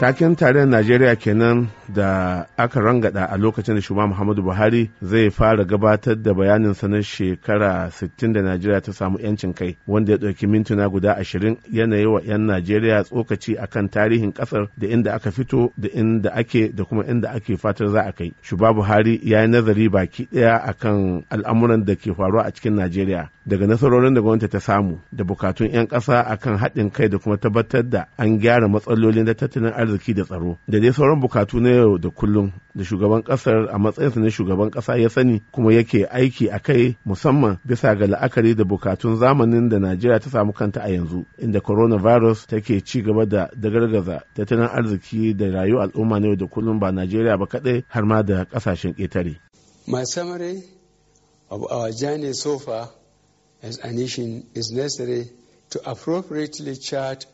taken tarayyar najeriya kenan da aka rangada a lokacin da shugaba muhammadu buhari zai fara gabatar da bayaninsa na shekara 60 da najeriya ta samu 'yancin kai wanda ya ɗauki mintuna guda 20 yanayi wa 'yan najeriya tsokaci akan tarihin ƙasar da inda aka fito da inda ake da kuma inda ake fatar za a kai shugaba buhari ya yi nazari baki ɗaya akan al'amuran da ke faruwa a cikin najeriya daga nasarorin da gwamnati ta samu da bukatun 'yan ƙasa akan haɗin kai da kuma tabbatar da an gyara matsalolin da tattalin arziki da tsaro da dai sauran bukatu na yau da kullum da shugaban kasar a matsayinsa na shugaban kasa ya sani kuma yake aiki a kai musamman bisa ga la'akari da bukatun zamanin da Najeriya ta samu kanta a yanzu inda coronavirus take ci gaba da dagargaza tattalin arziki da rayuwar al'umma na yau da kullum ba Najeriya ba kadai har ma da kasashen ƙetare. My summary of our journey so far as a nation is necessary to appropriately chart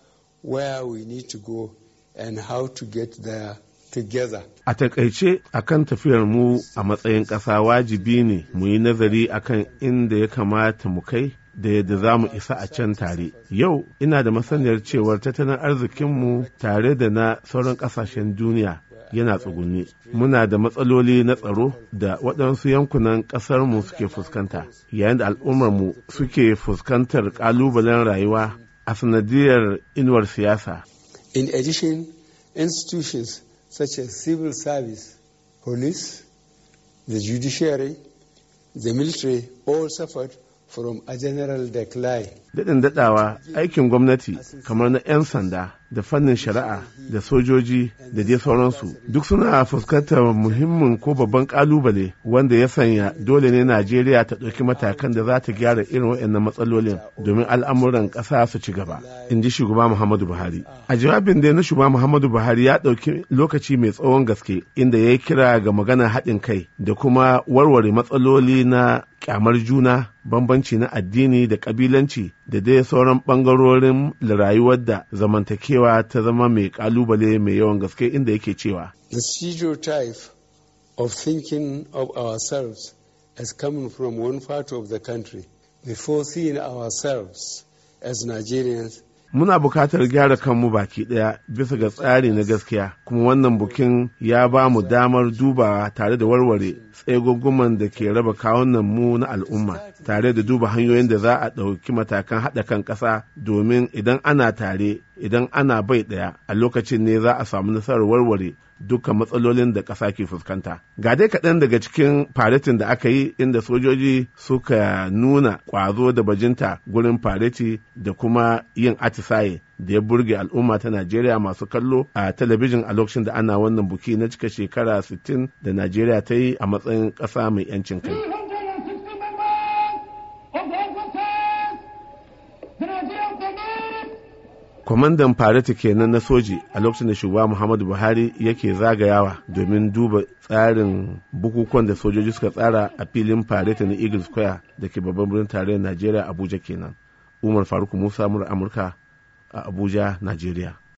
where we need to go and how to get there together. A takaice akan tafiyar mu a matsayin ƙasa wajibi ne mu yi nazari akan inda ya kamata mu kai da yadda za mu isa a can tare. Yau ina da masaniyar cewar tattalin arzikinmu tare da na sauran ƙasashen duniya yana tsugunni. Muna da matsaloli na tsaro da waɗansu yankunan ƙasarmu suke fuskanta, yayin da al'ummarmu suke fuskantar ƙalubalen rayuwa a sanadiyar inuwar siyasa. In addition, institutions such as civil service, police, the judiciary, the military all suffered from a general decline. Daɗin daɗawa aikin gwamnati kamar na 'yan sanda da fannin shari'a da sojoji da dai sauransu duk suna fuskantar muhimmin ko babban ƙalubale wanda ya sanya dole ne Najeriya ta ɗauki matakan da za ta gyara irin waɗannan matsalolin domin al'amuran ƙasa su ci gaba in ji shugaba Muhammadu Buhari. A jawabin dai na shugaba Muhammadu Buhari ya ɗauki lokaci mai tsawon gaske inda ya yi kira ga maganar haɗin kai da kuma warware matsaloli na kyamar juna bambanci na addini da kabilanci da dai sauran bangarorin rayuwar da zamantakewa ta zama mai kalubale mai yawan gaske inda yake cewa the stereotype of thinking of ourselves as coming from one part of the country before seeing ourselves as Nigerians Muna bukatar gyara kanmu baki ɗaya bisa ga tsari na gaskiya, kuma wannan bukin ya ba mu damar dubawa tare da warware tsegunguman da ke raba kawunan mu na al'umma, tare da duba hanyoyin da za a ɗauki matakan haɗa kan ƙasa domin idan ana tare, idan ana bai ɗaya, a lokacin ne za a samu nasarar warware dukkan matsalolin da ƙasa ke fuskanta. Ga dai kaɗan daga cikin faretin da aka yi inda sojoji suka nuna ƙwazo da bajinta gurin fareti da kuma yin atisaye da ya burge al'umma ta Najeriya masu kallo a talabijin a lokacin da ana wannan buki na cika shekara 60 da Najeriya ta yi a matsayin ƙasa mai 'yancin kai. kwamandan fareti kenan na soji a lokacin da shugaba muhammadu buhari yake zagayawa domin duba tsarin bukukuwan da sojoji suka tsara a filin fareti na eagle square da ke babban birnin tarayyar najeriya abuja kenan umar faruk musa mura amurka a abuja najeriya